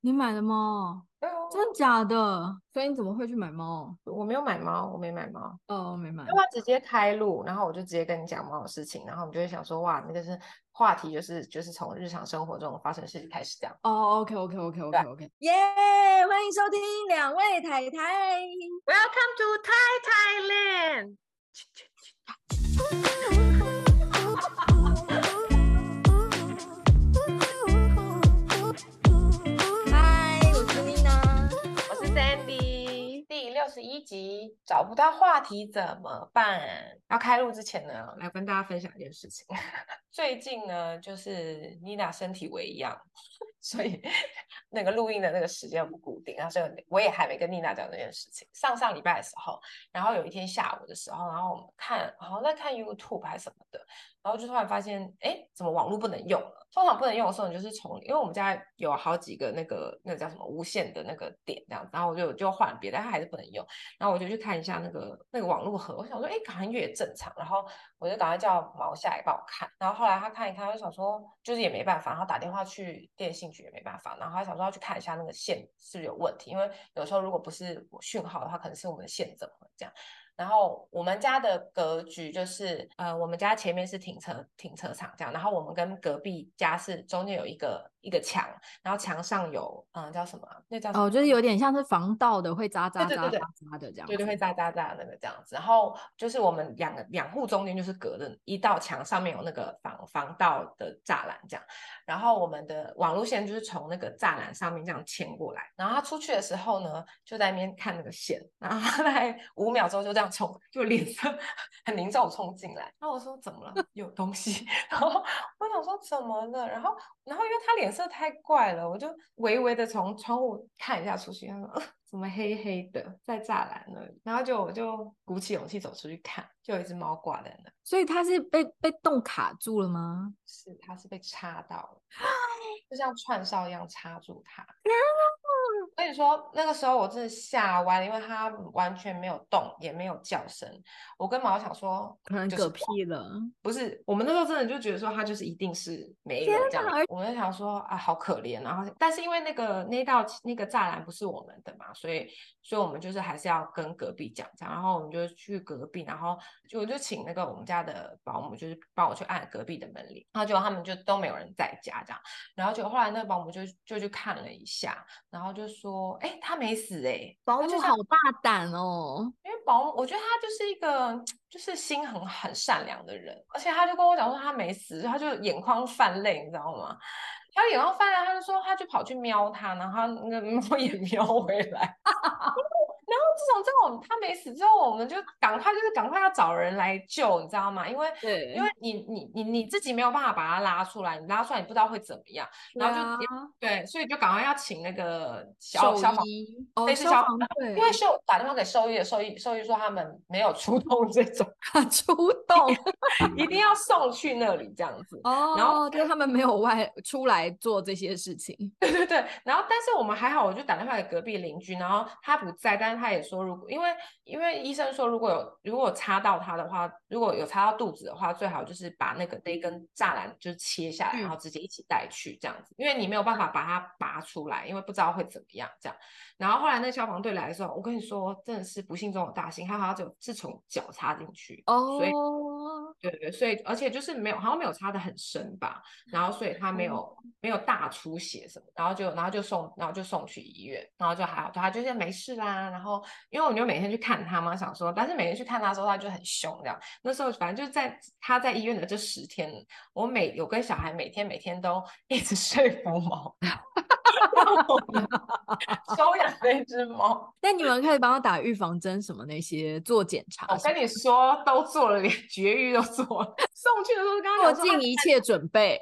你買了貓？哦、真的假的？所以你怎麼會去買貓？我沒有買貓，我沒買貓。哦，我沒買。要不要直接開錄？然後我就直接跟你講貓的事情。然後我們就會想說，哇，那個是話題，就是，就是就是從日常生活中的發生事情開始這樣。哦，OK，OK，OK，OK，OK，耶！Okay, okay, okay, 對 yeah, 歡迎收聽兩位泰台，Welcome to Thai Tai Land。 六十一集，找不到話題怎麼辦？要開錄之前呢，來跟大家分享一件事情。最近呢，就是妮娜身體微恙，所以那個錄音的那個時間不固定啊。然後，我也還沒跟妮娜講這件事情。上上禮拜的時候，然後有一天下午的時候，然後我們看，好像在看 YouTube 還是什麼的。然後就突然發現，哎，怎麼網絡不能用了？通常不能用的時候，你就是從因為我們家有好幾個那個那個叫什麼無線的那個點，這樣，然後我就就換別的，它還是不能用。然後我就去看一下那個那個網絡盒，我想說，哎，好像也正常。然後我就趕快叫毛下來幫我看。然後後來他看一看，我就想說，就是也沒辦法。然後打電話去電信局也沒辦法。然後他想說要去看一下那個線是不是有問題，因為有時候如果不是我訊號的話，可能是我們的線怎麼樣這樣。然後我們家的格局就是，呃，我們家前面是停車，停車場這樣，然後我們跟隔壁家是中間有一個。一個牆，然後牆上有，嗯，叫什麼？那叫哦，就是有點像是防盜的，會扎扎扎扎，扎，扎的這樣，對，對，對，對，對，對，會扎扎扎那個這樣子。然後就是我們兩兩戶中間就是隔着一道牆，上面有那個防防盜的柵欄這樣。然後我們的網絡線就是從那個柵欄上面這樣牽過來。然後他出去的時候呢，就在那邊看那個線。然後大概5後來五秒鐘就這樣衝，就臉色很凝重衝進來。然後我說怎麼了？有東西。 然後我想說怎麼了？然後然後因為他臉。顏色太怪了，我就微微的從窗戶看一下出去，他說，怎麼黑黑的在柵欄那裡？然後就我就鼓起勇氣走出去看。就有一隻貓掛在那，所以它是被被洞卡住了嗎？是，它是被插到了， 就像串燒一樣插住它。跟你 說，那個時候我真的嚇歪了，因為它完全沒有動，也沒有叫聲。我跟毛想說，就是、可能嗝屁了。不是，我們那時候真的就覺得說，它就是一定是沒了這樣。哪我們就想說啊，好可憐啊然後。但是因為那個那道那個柵欄不是我們的嘛，所以。所以，我們就是還是要跟隔壁講講，然後我們就去隔壁，然後我就請那個我們家的保姆，就是幫我去按隔壁的門鈴，然後結果他們就都沒有人在家這樣，然後就後來那個保姆就就去看了一下，然後就說：“欸，他沒死欸，就保姆好大膽哦。”因為保姆，我覺得他就是一個就是心很很善良的人，而且他就跟我講說他沒死，他就眼眶泛淚，你知道嗎？他眼光發來，他就說，他就跑去喵他，然後那貓也喵回來。 然後這種這種他沒死之後，我們就趕快就是趕快要找人來救，你知道嗎？因為對，嗯、因為你你你你自己沒有辦法把他拉出來，你拉出來你不知道會怎麼樣。然後就、啊、對，所以就趕快要請那個小獸醫消防，類是、哦哎、消防因為收對打電話給獸醫,醫，的，獸醫獸醫說他們沒有出動這種，出動 一定要送去那裡這樣子。哦，然後就他們沒有外出來做這些事情。 對對對，然後但是我們還好，我就打電話給隔壁鄰居，然後他不在，但。他也說，如果因為因為醫生說，如果有如果插到他的話，如果有插到肚子的話，最好就是把那個那一根柵欄就切下來，然後直接一起帶去這樣子，嗯、因為你沒有辦法把它拔出來，因為不知道會怎麼樣這樣。然後後來那消防隊來的時候，我跟你說，真的是不幸中的大幸，他好像就是從腳插進去，oh. 所以，對對對，所以而且就是沒有，好像沒有插得很深吧，然後所以他沒有、oh. 沒有大出血什麼，然後就然後就送然後就送去醫院，然後就還好，他就是沒事啦。然後因為我就每天去看他嘛，想說，但是每天去看他的時候，他就很凶這樣。那時候反正就是在他在醫院的這十天，我每有跟小孩每天每天都一直睡不好。 收養一隻貓，那 你們可以幫他打預防針什麼那些做檢查。 我跟你說，都做了，連絕育都做了，送去的時候剛剛做，盡一切準備。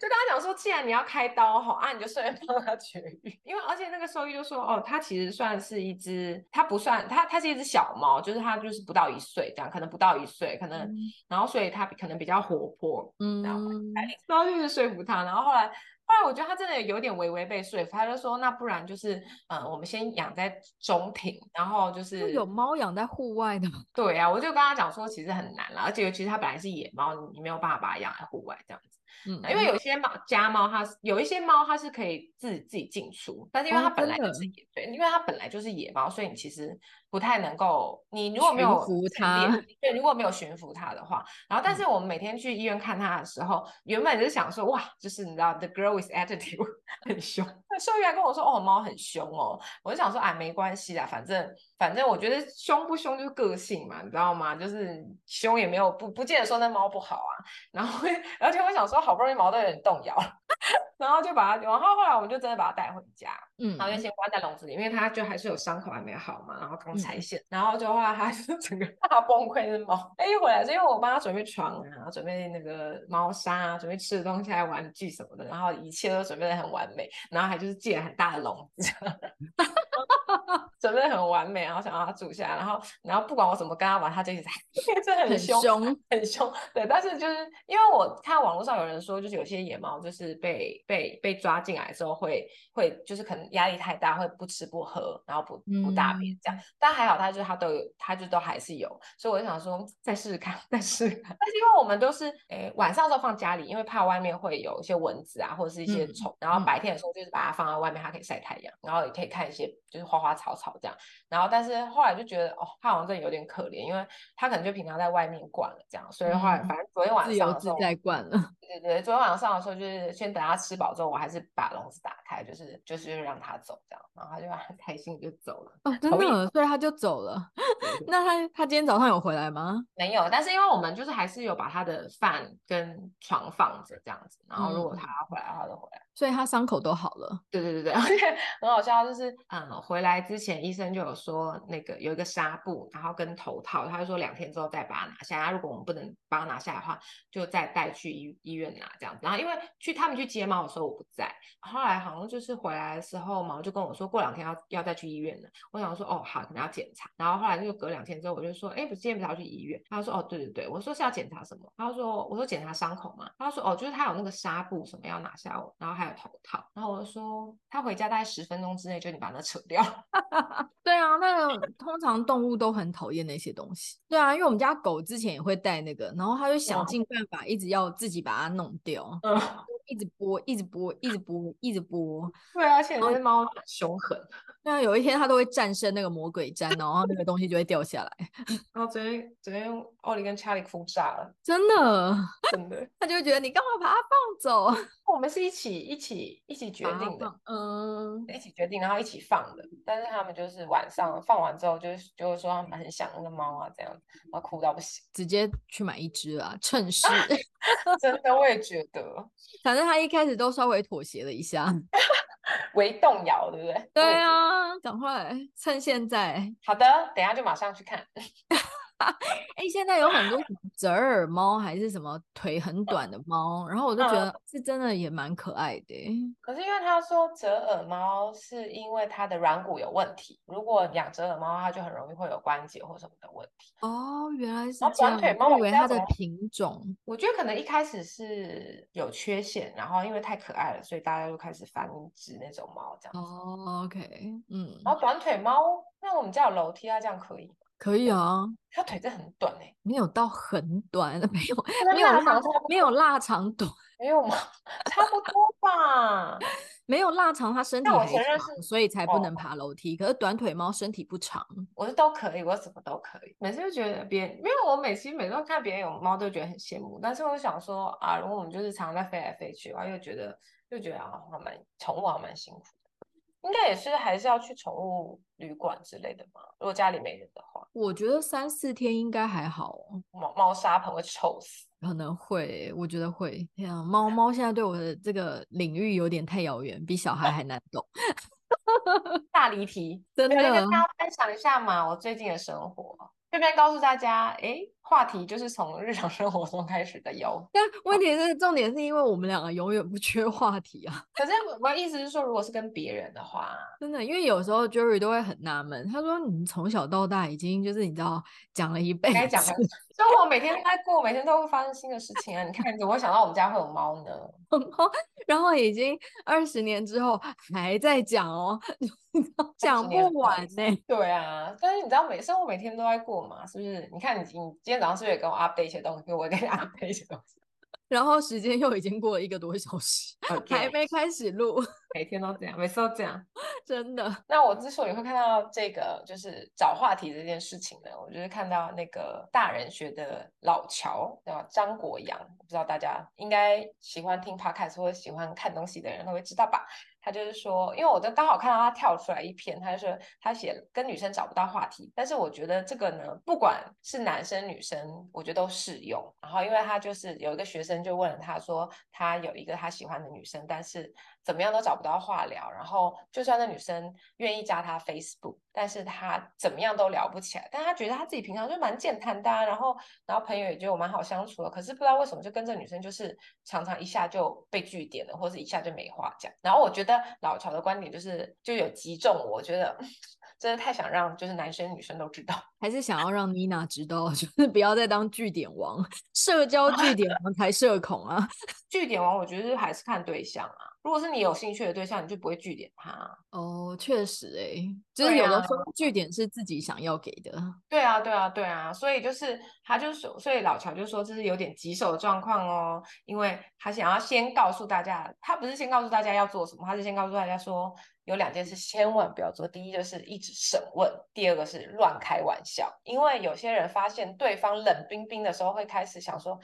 就剛剛講說，既然你要開刀好，啊，你就順便幫他絕育， 因為而且那個獸醫就說，哦，它其實算是一隻，它不算，它它是一隻小貓，就是它就是不到一歲這樣，可能不到一歲，可能、嗯、然後所以它可能比較活潑，嗯然，然後就是說服他，然後後來。我覺得他真的有點微微被說服，他就說：“那不然就是，呃我們先養在中庭，然後就是就有貓養在戶外的。”對啊，我就跟他講說，其實很難啦，而且尤其實他本來是野貓，你沒有辦法把它養在戶外這樣子。嗯、啊，因為有些貓家貓它，它是有一些貓，它是可以自己自己進出，但是因為它本來就是野，哦、對，因為它本來就是野貓，所以你其實不太能夠，你如果沒有馴服它，對，如果沒有馴服它的話，然後但是我們每天去醫院看它的時候，嗯、原本是想說哇，就是你知道，The girl with attitude 很凶，獸醫 還跟我說哦，貓很凶哦，我就想說啊、哎，沒關係啦，反正反正我覺得凶不凶就是個性嘛，你知道嗎？就是凶也沒有不不見得說那貓不好啊，然後而且我想說。好不容易毛都有點動搖， 然後就把它，然後後來我們就真的把它帶回家，嗯，然後就先關在籠子裡，因為它就還是有傷口還沒好嘛，然後剛拆線，嗯、然後就後來它就整個大崩潰，的貓哎一回來，是因為我幫它準備床啊，準備那個貓砂、啊，準備吃的東西、還有玩具什麼的，然後一切都準備的很完美，然後還就是借了很大的籠子。 準備很完美，啊，然後想要它住下，然後然後不管我怎麼跟它玩，它就是 很，很凶，很凶，對。但是就是因為我看網絡上有人說，就是有些野貓就是被被被抓進來之後會會就是可能壓力太大，會不吃不喝，然後不不大便這樣。嗯、但還好它就是它都有，它就都還是有，所以我就想說再試試看，再試看。但是因為我們都是誒、欸、晚上的時候放家裡，因為怕外面會有一些蚊子啊或者是一些蟲，嗯、然後白天的時候就是把它放在外面，它可以曬太陽，嗯、然後也可以看一些就是花花草。吵吵這樣，然後但是後來就覺得哦，漢王真有點可憐，因為他可能就平常在外面慣了這樣，所以後來反正昨天晚上、嗯、自由自在慣了。對，對對，昨天晚上，上的時候就是先等他吃飽之後，我還是把籠子打開，就是就是讓他走這樣，然後他就很開心就走了。哦，真的，意所以他就走了。對對對，那他他今天早上有回來嗎？沒有，但是因為我們就是還是有把他的飯跟床放着這樣子，然後如果他回來的話、嗯、就回來。所以他傷口都好了。對對對對，而且很好笑，就是嗯，回來之前醫生就有說那個有一個紗布，然後跟頭套，他就說兩天之後再把它拿下。如果我們不能把它拿下的話，就再帶去醫醫院院啊，這樣子，然後因為去他們去接貓的時候我不在，後來好像就是回來的時候嘛，貓就跟我說過兩天要要再去醫院了。我想說哦好，可能要檢查。然後後來就隔兩天之後，我就說哎，不見，不着要去醫院？他說哦對對對，我說是要檢查什麼？他說我說檢查傷口嘛。他說哦就是他有那個紗布什麼要拿下，我，然後還有頭套。然後我就說他回家大概十分鐘之內就你把它扯掉。 對啊，那個通常動物都很討厭那些東西。 對啊，因為我們家狗之前也會戴那個，然後他就想盡辦法一直要自己把它。弄掉，嗯，一直播，一直播，一直播，一直播。對啊，而且那隻貓凶狠。那有一天它都會戰勝那個魔鬼氈哦， 然後那個東西就會掉下來。然後昨天，昨天用奧利跟查理哭炸了，真的，真的。他就會覺得你幹嘛把它放走？我們是一起、一起、一起決定的，嗯，一起決定，然後一起放的。但是他們就是晚上放完之後就，就就會說他們很想那個貓啊，這樣然後哭到不行，直接去買一只啊，趁勢。啊 真的我也覺得，反正他一開始都稍微妥協了一下，微 動搖，對不對？對啊，講回趁現在，好的，等一下就馬上去看。 哎、 欸，現在有很多折耳貓，還是什麼腿很短的貓，然後我就覺得是真的也蠻可愛的。可是因為他說折耳貓是因為它的軟骨有問題，如果養折耳貓，它就很容易會有關節或什麼的問題。哦，原來是。哦，短腿貓，我以為它的品種，我覺得可能一開始是有缺陷，然後因為太可愛了，所以大家就開始繁殖那種貓，這樣子。哦，OK，嗯。然後短腿貓，那我們家有樓梯啊，這樣可以。可以啊，它腿真的很短誒、欸，沒有到很短，沒有，沒有臘腸，沒有臘腸短，沒有嗎？差不多吧，沒有臘腸， 它身體很長，所以才不能爬樓梯。哦、可是短腿貓身體不長，我是都可以，我什麼都可以。每次就覺得別人，因為我每次每次看別人有貓，都覺得很羨慕。但是我想說啊，如果我們就是常，常在飛來飛去，然後又覺得又覺得啊，好蠻，寵物還蠻辛苦。應該也是還是要去寵物旅館之類的嘛。如果家裡沒人的話，我覺得三四天應該還好。貓貓砂盆會臭死，可能會，我覺得會。天啊，貓貓現在對我的這個領域有點太遙遠， 比小孩還難懂， 大離題。可以的跟大家分享一下嘛，我最近的生活，順便告訴大家，誒、欸話題就是從日常生活中開始的，喲。但問題是，哦、重點是因為我們兩個永遠不缺話題啊。可是我我的意思是說，如果是跟別人的話，真的，因為有時候 Jerry 都會很納悶，他說：“你們從小到大已經就是你知道講了一輩子，所以，生活每天都在過，每天都會發生新的事情啊。 你看，怎麼會想到我們家會有貓呢？ 然後已經二十年之後還在講哦， 講不完呢、欸。對啊，但是你知道每，每生活每天都在過嘛，是不是？你看你，你今天。然後是也跟我 update 一些東西，我也給你 update 一些東西。 然後時間又已經過了一個多小時，Okay. 還沒開始錄。每天都這樣，每次都這樣，真的。 那我之所以會看到這個，就是找話題這件事情呢，我就是看到那個大人學的老喬，對吧？張國洋，不知道大家應該喜歡聽 Podcast 或喜歡看東西的人，都會知道吧？他就是說，因為我就剛好看到他跳出來一篇，他就說他寫跟女生找不到話題，但是我覺得這個呢，不管是男生女生，我覺得都適用。然後，因為他就是有一個學生就問了，他說，他有一個他喜歡的女生，但是。怎麼樣都找不到話聊，然後就算那女生願意加他 Facebook，但是他怎麼樣都聊不起來。但他覺得他自己平常就蠻健談的，啊，然後然後朋友也覺得我蠻好相處的，可是不知道為什麼就跟這女生就是常常一下就被句點了，或者是一下就沒話講。然後我覺得老喬的觀點就是就有擊中我覺得。真的太想讓就是男生女生都知道，還是想要讓 Nina 知道， 就是不要再當句點王，社交句點王才社恐啊。句 點王我覺得還是看對象啊，如果是你有興趣的對象，你就不會句點他。哦，確實誒、欸，就是有的時候句點是自己想要給的。對啊，對啊，對啊，所以就是他就說，所以老喬就說這是有點棘手的狀況哦，因為他想要先告訴大家，他不是先告訴大家要做什麼，他是先告訴大家說。有兩件事千萬不要做，第一就是一直審問，第二個是亂開玩笑。因為有些人發現對方冷冰冰的時候，會開始想說，誒，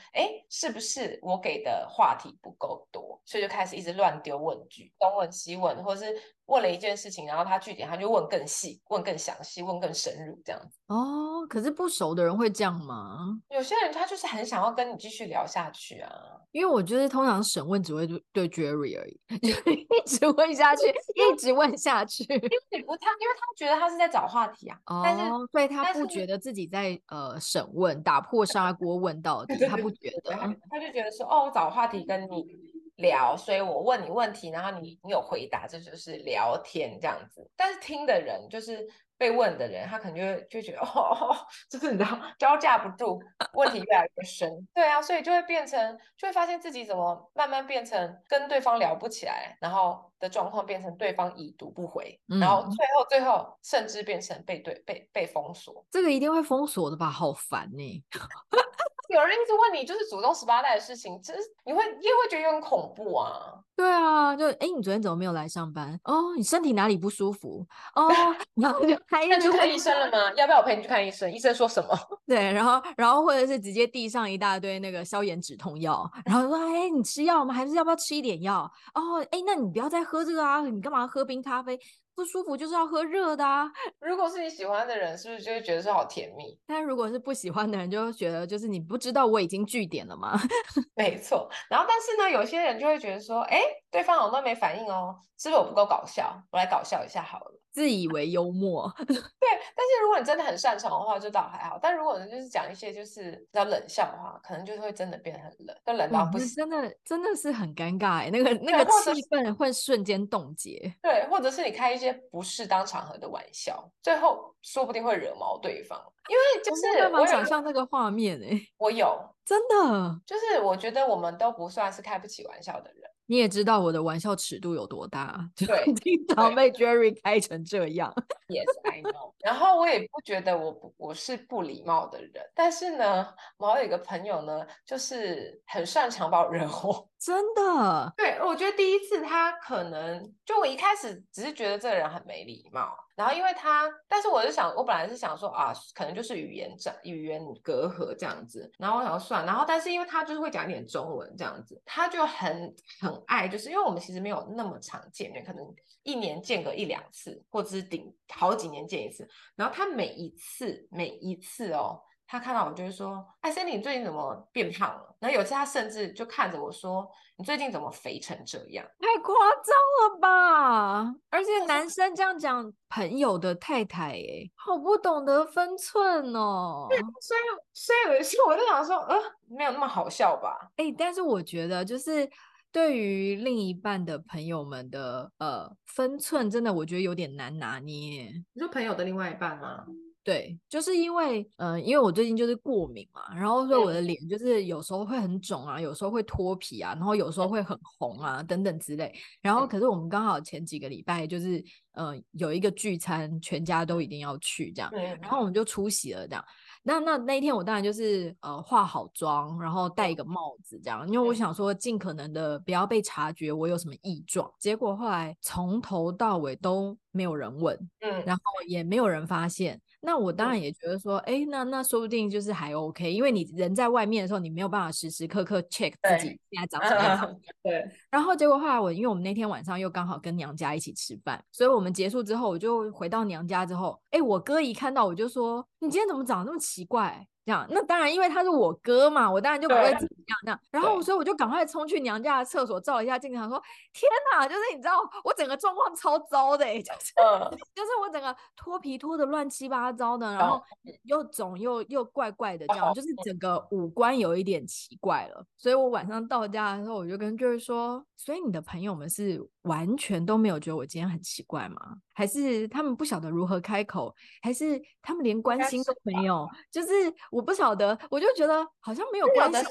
是不是我給的話題不夠多，所以就開始一直亂丟問句，東問西問，或者是。問了一件事情，然後他句點，他就問更細，問更詳細，問更深入這樣子。哦，可是不熟的人會這樣嗎？有些人他就是很想要跟你繼續聊下去啊。因為我覺得通常審問只會對對 Jerry 而已，就一直問下去，為一直問下去。因為不他，因為他覺得他是在找話題啊。哦。但是對他不覺得自己在是呃審問，打破砂鍋問到底， 他不覺得。 他就覺得說，哦，我找話題跟你。聊，所以我問你問題，然後你你有回答，這就是聊天這樣子。但是聽的人就是被問的人，他可能就，就會覺得哦，就是你知道招架不住，問題越來越深。 對啊，所以就會變成，就會發現自己怎麼慢慢變成跟對方聊不起來，然後的狀況變成對方已讀不回，嗯、然後最後最後甚至變成被對被被封鎖。這個一定會封鎖的吧？好煩呢。 有人一直問你，就是祖宗十八代的事情，其實你會也會覺得有點恐怖啊。對啊，就哎、欸，你昨天怎麼沒有來上班哦？Oh, 你身體哪裡不舒服哦？Oh, 然後就 那去看醫生了嗎？ 要不要我陪你去看醫生？醫生說什麼？對，然後然後或者是直接遞上一大堆那個消炎止痛藥，然後說哎、欸，你吃藥嗎？還是要不要吃一點藥哦？哎、oh, 欸，那你不要再喝這個啊！你幹嘛喝冰咖啡？不舒服就是要喝熱的啊！如果是你喜歡的人，是不是就會覺得是好甜蜜？但如果是不喜歡的人，就會覺得就是你不知道我已經句點了嗎？ 沒錯。然後，但是呢，有些人就會覺得說，哎、欸，對方好像都沒反應哦，是不是我不夠搞笑？我來搞笑一下好了。自以為幽默， 對。但是如果你真的很擅長的話，就倒還好。但如果你就是講一些就是比較冷笑的話，可能就是會真的變很冷，跟冷到不,不是真的，真的是很尷尬、欸。哎，那個對那個氣氛會瞬間凍結。對，或者是你開一些不適當場合的玩笑，最後說不定會惹毛對方。因為就是我想象那個畫面哎，我有,我有真的，就是我覺得我們都不算是開不起玩笑的人。你也知道我的玩笑尺度有多大，對。 經常被 Jerry 開成這樣。Yes, I know。 然後我也不覺得我我是不禮貌的人，但是呢，我有一個朋友呢，就是很擅長爆人紅。真的？對，我覺得第一次他可能就我一開始只是覺得這個人很沒禮貌。然後，因為他，但是我就想，我本來是想說啊，可能就是語言障、語言隔閡這樣子。然後我想要算，然後，但是因為他就是會講一點中文這樣子，他就很很愛，就是因為我們其實沒有那麼常見面，可能一年見個一兩次，或者是頂好幾年見一次。然後他每一次，每一次哦。他看到我就會說：“哎，Sandy，你最近怎麼變胖了？”然後有一次他甚至就看着我說：“你最近怎麼肥成這樣？太誇張了吧！”而且男生這樣講是朋友的太太，哎，好不懂得分寸哦。對，所以所以有些時候我就想說，呃，沒有那麼好笑吧？哎、欸，但是我覺得就是對於另一半的朋友們的呃分寸，真的我覺得有點難拿捏。你說朋友的另外一半嗎？對，就是因為，嗯、呃，因為我最近就是過敏嘛，然後所以我的臉就是有時候會很腫啊，有時候會脫皮啊，然後有時候會很紅啊，等等之類。然後，可是我們剛好前幾個禮拜就是，嗯、呃，有一個聚餐，全家都一定要去這樣，然後我們就出席了這樣。那那那一天我當然就是，呃，化好妝，然後戴一個帽子這樣，因為我想說盡可能的不要被察覺我有什麼異狀。結果後來從頭到尾都。沒有人問，嗯，然後也沒有人發現。嗯、那我當然也覺得說，哎、嗯，那那說不定就是還 OK，因為你人在外面的時候，你沒有辦法時時刻刻 check 自己對現在長什麼樣對。然後結果後來我，因為我們那天晚上又剛好跟娘家一起吃飯，所以我們結束之後，我就回到娘家之後，哎，我哥一看到我就說：“你今天怎麼長得那麼奇怪？”這樣。那當然，因為他是我哥嘛，我當然就不會自。那樣那樣，然後所以我就趕快衝去娘家的廁所照一下鏡子，他對說：天哪，就是你知道我整個狀況超糟的、欸，就是、嗯、就是我整個脫皮脫的亂七八糟的，然後又腫又又怪怪的，這樣、嗯、就是整個五官有一點奇怪了。嗯、所以我晚上到家的時候，我就跟就是說：所以你的朋友們是完全都沒有覺得我今天很奇怪嗎？還是他們不曉得如何開口？還是他們連關心都沒有？是就是我不曉得，我就覺得好像沒有關心。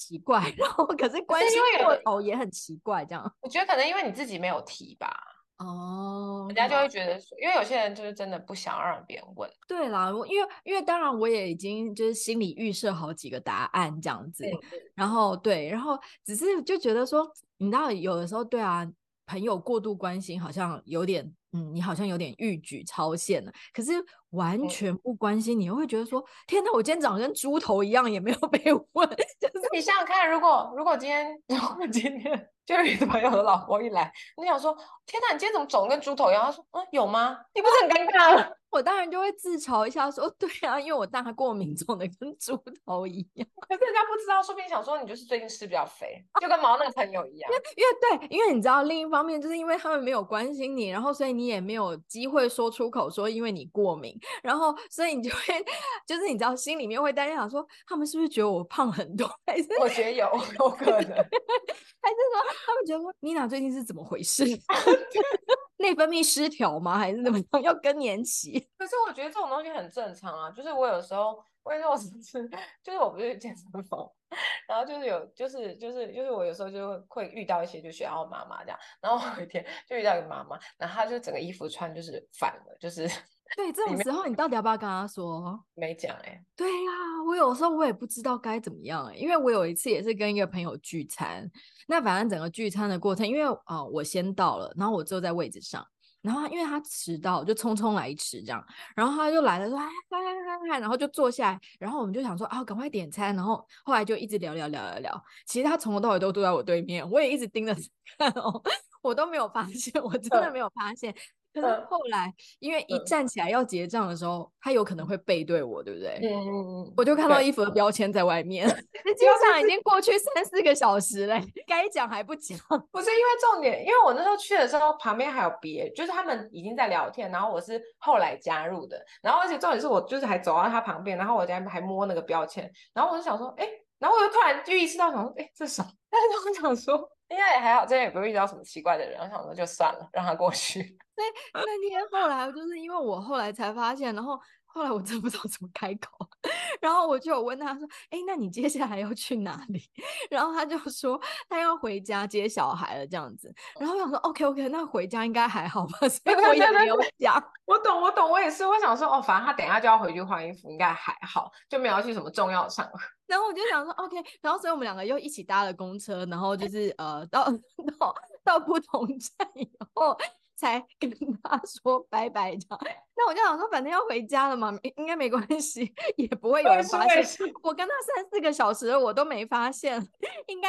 奇怪，然後可是關心過頭也很奇怪，這樣。我覺得可能因為你自己沒有提吧，哦，人家就會覺得，那因為有些人就是真的不想讓別人問。對啦，因為因為當然我也已經就是心裡預設好幾個答案這樣子，對然後對，然後只是就覺得說，你知道，有的時候對啊，朋友過度關心好像有點。嗯，你好像有點慾舉超限了，可是完全不關心你，你、嗯、又會覺得說：天吶，我今天長得跟豬頭一樣，也沒有被問。就是你想想看，如果如果今天如果今天就是你的朋友的老婆一來，你想說：天吶，你今天怎麼總跟豬頭一樣？他說：嗯，有嗎？你不是很尷尬嗎？啊、我當然就會自嘲一下，說：對啊，因為我大過敏腫的跟豬頭一樣。可是人家不知道，說不定想說你就是最近吃比較肥，啊、就跟毛那個朋友一樣。因為，因為對，因為你知道，另一方面就是因為他們沒有關心你，然後所以你。你也沒有機會說出口，說因為你過敏，然後所以你就會，就是你知道心裡面會擔心，想說他們是不是覺得我胖很多？還是我覺得有 有可能，還是說他們覺得說妮娜 最近是怎麼回事？內 分泌失調嗎？還是怎麼樣？要 更年期？可是我覺得這種東西很正常啊，就是我有時候。我跟你說，我是不是，就是我不去健身房，然後就是有就是就是就是我有時候就會遇到一些就學校媽媽這樣，然後我有一天就遇到一個媽媽，然後她就整個衣服穿就是反了，就是。對，這種時候你到底要不要跟她說？沒講哎、欸。對呀，啊，我有時候我也不知道該怎麼樣哎、欸，因為我有一次也是跟一個朋友聚餐，那反正整個聚餐的過程，因為啊，哦、我先到了，然後我坐在位置上。然後他因為他遲到就匆匆來遲這樣，然後他就來了說，哎，看看看看，然後就坐下來，然後我們就想說啊、哦，趕快點餐，然後後來就一直聊聊聊聊聊，其實他從頭到尾都坐在我對面，我也一直盯着看哦，我都沒有發現，我真的沒有發現。 可是後來，嗯、因為一站起來要結賬的時候，嗯、他有可能會背對我，對不對？嗯嗯嗯，嗯我就看到衣服的標籤在外面。那基本上已經過去三四個小時了，就是、該講還不講？不是，因為重點，因為我那時候去的時候，旁邊還有別，就是他們已經在聊天，然後我是後來加入的，然後而且重點是我就是還走到他旁邊，然後我竟然還摸那個標籤，然後我就想說，哎，然後我就突然就意識到想說，哎，這啥？但是我想說。應該也還好，之前也不會遇到什麼奇怪的人。我想說，就算了，讓他過去。對，那天後來就是因為我後來才發現，然後。後來我真不知道怎麼開口，然後我就有問他說：“哎、欸，那你接下來要去哪裡？”然後他就說他要回家接小孩了這樣子。然後我想說：“OK OK，那回家應該還好吧？”所以我也沒有講。 我懂，我懂，我也是。我想說，哦，反正他等一下就要回去換衣服，應該還好，就沒有要去什麼重要的場合。然後我就想說 OK，然後所以我們兩個又一起搭了公車，然後就是呃到到到不同站以後，才跟他說拜拜這樣。那我就想說，反正要回家了嘛，應該沒關係，也不會有人發現。我跟他三四個小時，我都沒發現，應該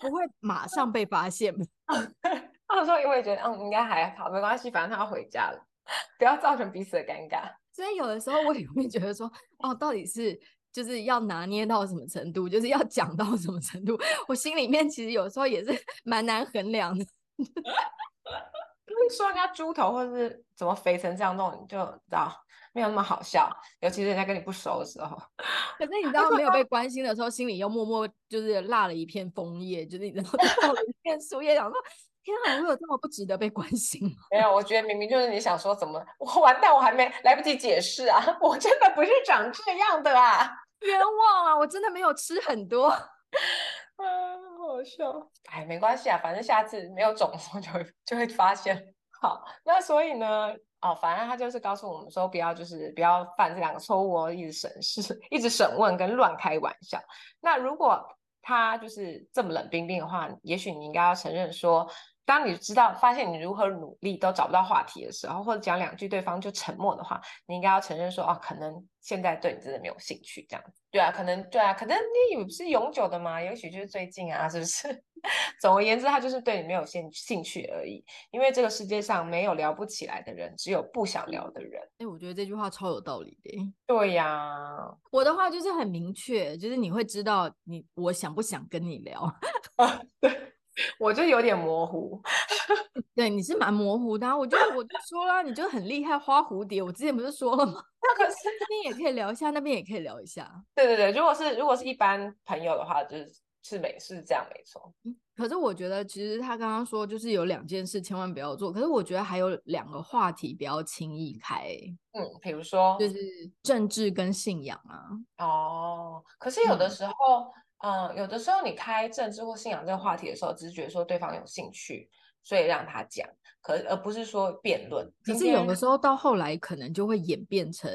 不會馬上被發現。 他說，因為覺得，嗯，應該還好，沒關係，反正他要回家了，不要造成彼此的尷尬。所以有的時候我也會覺得說，哦，到底是就是要拿捏到什麼程度，就是要講到什麼程度，我心裡面其實有時候也是蠻難衡量的。 說人家豬頭，或者是怎麼肥成這樣弄你就，就知道沒有那麼好笑。尤其是人家跟你不熟的時候，可是你知道沒有被關心的時候，心裡又默默就是落了一片楓葉，就是你然後落了一片樹葉， 想說天啊，我有這麼不值得被關心嗎？沒有，我覺得明明就是你想說怎麼，我完蛋，我還沒來不及解釋啊，我真的不是長這樣的啊，冤枉啊，我真的沒有吃很多。 啊，好笑！哎，沒關係啊，反正下次沒有中的時候，就會就會發現。好，那所以呢，哦，反正他就是告訴我們說，不要就是不要犯這兩個錯誤哦，一直審視，一直審問跟亂開玩笑。那如果他就是這麼冷冰冰的話，也許你應該要承認說。當你知道發現你如何努力都找不到話題的時候，或者講兩句對方就沉默的話，你應該要承認說：哦、啊，可能現在對你真的沒有興趣。這樣子對啊，可能對啊，可能你也不是永久的嘛，也許就是最近啊，是不是？總而言之，他就是對你沒有興興趣而已，因為這個世界上沒有聊不起來的人，只有不想聊的人。哎、欸，我覺得這句話超有道理的。對呀、啊，我的話就是很明確，就是你會知道你，我想不想跟你聊。 我就有點模糊， 對，你是蠻模糊的、啊。然後我就我就說啦， 你就很厲害，花蝴蝶。我之前不是說了嗎？那可是那邊也可以聊一下，那邊也可以聊一下。對對對，如果是如果是一般朋友的話，就是是美是這樣沒錯、嗯。可是我覺得其實他剛剛說就是有兩件事千萬不要做，可是我覺得還有兩個話題不要輕易開。嗯，比如說就是政治跟信仰啊。哦。可是有的時候。嗯嗯，有的時候你開政治或信仰這個話題的時候，只是覺得說對方有興趣，所以讓他講，可而不是說辯論。可是有的時候到後來可能就會演變成，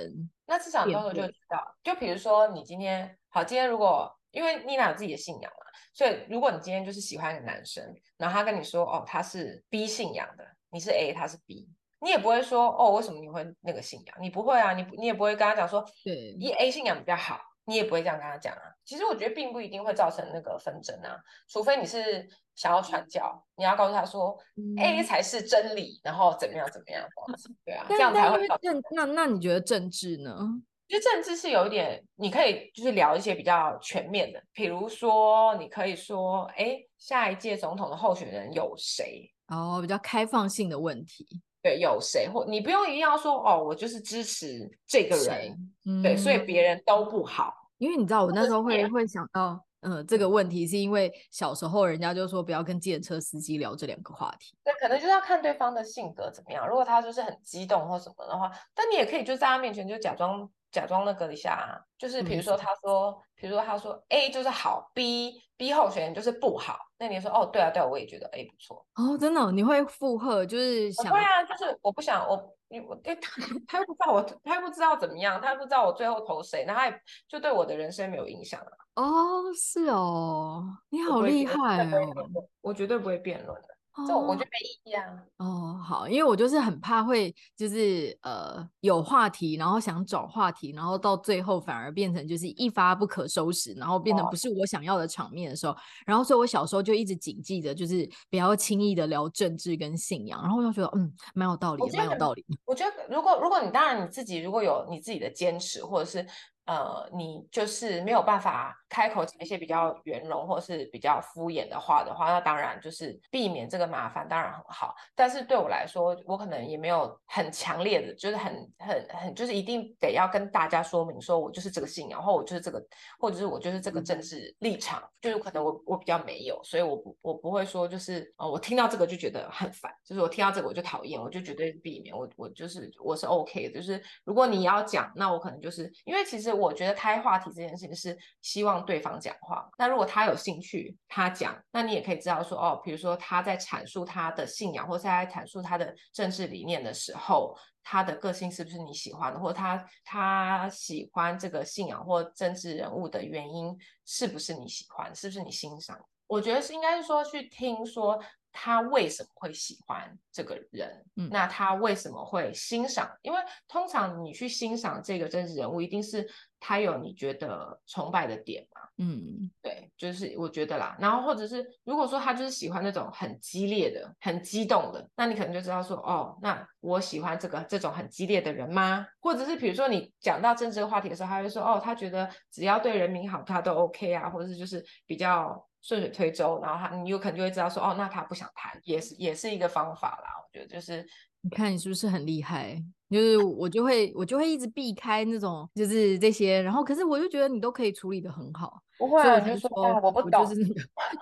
那至少你到時候就知道，就比如說你今天好，今天如果因為妮娜有自己的信仰嘛、啊，所以如果你今天就是喜歡一個男生，然後他跟你說哦，他是 B 信仰的，你是 A，他是 B，你也不會說哦，為什麼你會那個信仰，你不會啊，你你也不會跟他講說對，你 A 信仰比較好。你也不會這樣跟他講啊。其實我覺得並不一定會造成那個紛爭啊，除非你是想要傳教，你要告訴他說 A、嗯、欸、才是真理，然後怎麼樣怎麼樣，啊麼對啊，但這樣才會造成。那那你覺得政治呢？我覺得政治是有一點，你可以就是聊一些比較全面的，比如說你可以說，哎、欸，下一屆總統的候選人有誰？哦，比較開放性的問題。對，有誰或你不用一定要說哦，我就是支持這個人，嗯、對，所以別人都不好，因為你知道我那時候會會想到，嗯、呃，這個問題是因為小時候人家就說不要跟借車司機聊這兩個話題，對，可能就是要看對方的性格怎麼樣，如果他就是很激動或什麼的話，但你也可以就在他面前就假裝假裝那個一下、啊，就是譬如說他說、嗯、比如說他說，比如說他說 A 就是好，B B 候選人就是不好。那你說哦，對啊，對，啊，對啊，我也覺得，哎、欸，不錯哦，真的、哦，你會附和，就是想，會、哦、啊，就是我不想，我你我、欸、他還不知道我，他還不知道怎麼樣，他不知道我最後投誰，那他就對我的人生沒有影響、啊、哦，是哦，你好厲害、哦我，我絕對不會辯論的。Oh, oh, 就我覺得沒意義啊。哦，好，因為我就是很怕會就是呃有話題，然後想找話題，然後到最後反而變成就是一發不可收拾，然後變成不是我想要的場面的時候，oh. 然後所以我小時候就一直謹記着，就是不要輕易的聊政治跟信仰，然後我就覺得嗯蠻有道理，蠻有道理。我覺得如果如果你當然你自己如果有你自己的堅持，或者是。呃，你就是沒有辦法開口講一些比較圓融或是比較敷衍的話的話，那當然就是避免這個麻煩，當然很好。但是對我來說，我可能也沒有很強烈的，就是很很很，就是一定得要跟大家說明說我就是這個信仰，或我就是這個，或者是我就是這個政治立場，就有、是、可能我我比較沒有，所以我不我不會說就是呃、哦、我聽到這個就覺得很煩，就是我聽到這個我就討厭，我就絕對避免，我我就是我是 OK 的。就是如果你要講，那我可能就是因為其實。我覺得開話題這件事情是希望對方講話。那如果他有興趣，他講，那你也可以知道說，哦，比如說他在闡述他的信仰，或他在闡述他的政治理念的時候，他的個性是不是你喜歡的，或者他他喜歡這個信仰或政治人物的原因是不是你喜歡，是不是你欣賞？我覺得是應該是說去聽說他為什麼會喜歡這個人，那他為什麼會欣賞？因為通常你去欣賞這個政治人物，一定是。他有你覺得崇拜的點嗎？嗯，對，就是我覺得啦。然後或者是如果說他就是喜歡那種很激烈的、很激動的，那你可能就知道說，哦，那我喜歡這個這種很激烈的人嗎？或者是比如說你講到政治的話題的時候，他會說，哦，他覺得只要對人民好，他都 OK 啊，或者就是比較順水推舟。然後他你有可能就會知道說，哦，那他不想談，也是也是一個方法啦。我覺得就是。你看你是不是很厲害？就是我就會我就會一直避開那種就是這些，然後可是我就覺得你都可以處理得很好，不會、啊，我就說我不懂，就是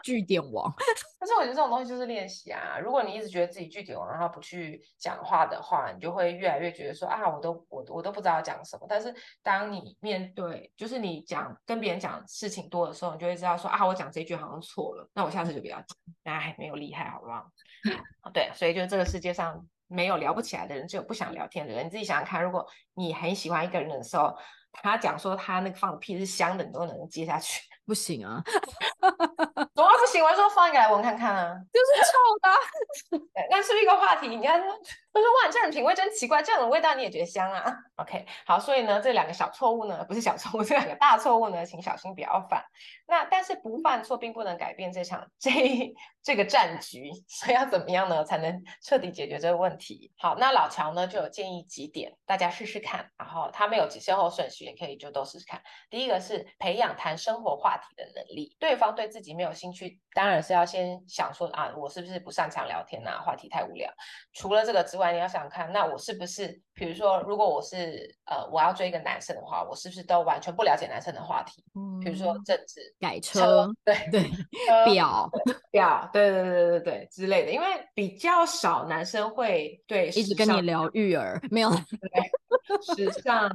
句點王。但是我覺得這種東西就是練習啊。如果你一直覺得自己句點王，然後不去講話的話，你就會越來越覺得說啊，我都我我都不知道要講什麼。但是當你面對，對，就是你講跟別人講事情多的時候，你就會知道說啊，我講這一句好像錯了，那我下次就不要講。哎，還沒有厲害，好不好？ 對，所以就這個世界上。沒有聊不起來的人，只有不想聊天的人。你自己想想看，如果你很喜歡一個人的時候，他講說他那個放屁是香的，你都能接下去，不行啊。 醒了，之後放一個來聞看看啊，就是臭的、啊。 那是不是一個話題？你看，他說哇，這種品味真奇怪，這樣的味道你也覺得香啊？OK，好，所以呢，這兩個小錯誤呢，不是小錯誤，這兩個大錯誤呢，請小心不要犯。那但是不犯錯並不能改變這場這這個戰局，所以要怎麼樣呢，才能徹底解決這個問題？好，那老喬呢就有建議幾點，大家試試看。然後他沒有幾先後順序，也可以就都試試看。第一個是培養談生活話題的能力，對方對自己沒有興趣。當然是要先想說啊，我是不是不擅長聊天啊？話題太無聊。除了這個之外，你要想看，那我是不是，比如說，如果我是呃，我要追一個男生的話，我是不是都完全不了解男生的話題？嗯，比如說政治、改車、車對對表表車要，對對對對對之類的，因為比較少男生會對一直跟你聊育兒，沒有。 時尚、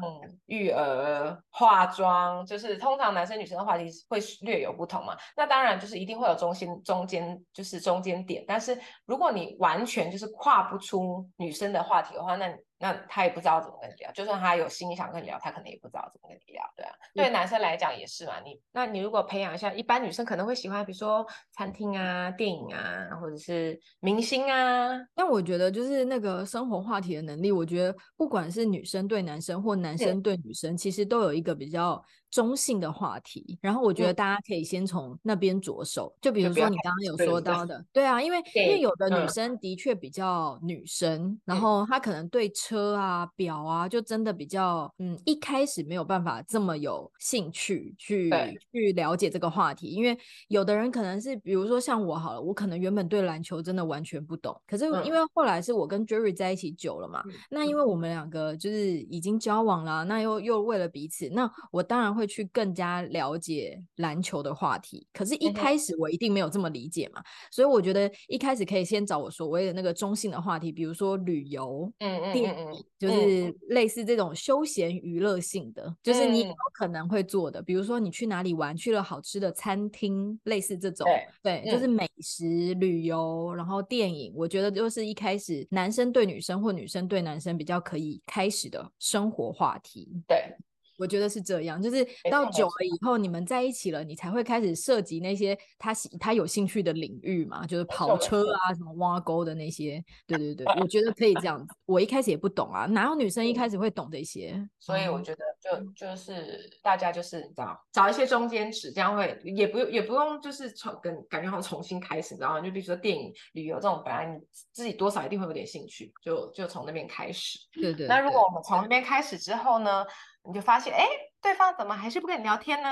育兒、化妝，就是通常男生女生的話題會略有不同嘛，那當然就是一定會有中心，中間就是中間點。但是如果你完全就是跨不出女生的話題的話，那你。那他也不知道怎麼跟你聊，就算他有心想跟你聊，他可能也不知道怎麼跟你聊，對啊，對男生來講也是嘛。嗯、你那你如果培養一下，一般女生可能會喜歡，比如說餐廳啊、電影啊，或者是明星啊。但我覺得就是那個生活話題的能力，我覺得不管是女生對男生或男生對女生，對其實都有一個比較。中性的話題，然後我覺得大家可以先從那邊着手，嗯、就比如說你剛剛有說到的，嗯、對啊，因為對因為有的女生的確比較女生，嗯、然後她可能對車啊、嗯、表啊，就真的比較嗯，一開始沒有辦法這麼有興趣去對去了解這個話題，因為有的人可能是比如說像我好了，我可能原本對籃球真的完全不懂，可是因為後來是我跟 Jerry 在一起久了嘛，嗯、那因為我們兩個就是已經交往了，那又又為了彼此，那我當然會。會去更加了解籃球的話題，可是，一開始我一定沒有這麼理解嘛，嗯哼，所以我覺得一開始可以先找我所謂的那個中性的話題，比如說旅遊、嗯電影，嗯、就是類似這種休閒娛樂性的，嗯、就是你有可能會做的，比如說你去哪裡玩，去了好吃的餐廳，類似這種，對，對，就是美食、嗯、旅遊，然後電影，我覺得就是一開始男生對女生或女生對男生比較可以開始的生活話題，對。我覺得是這樣，就是到久了以後，你們在一起了，你才會開始涉及那些他喜、他有興趣的領域嘛，就是跑車啊，什麼挖溝的那些。對對對，我覺得可以這樣子。 我一開始也不懂啊，哪有女生一開始會懂這些？所以我覺得就就是大家就是找找一些中間值，這樣會也不用也不用就是從跟感覺好像重新開始，然後就比如說電影、旅遊這種，本來你自己多少一定會有點興趣，就就從那邊開始。對對、嗯。那如果我們從那邊開始之後呢？對對你就發現，哎，對方怎麼還是不跟你聊天呢？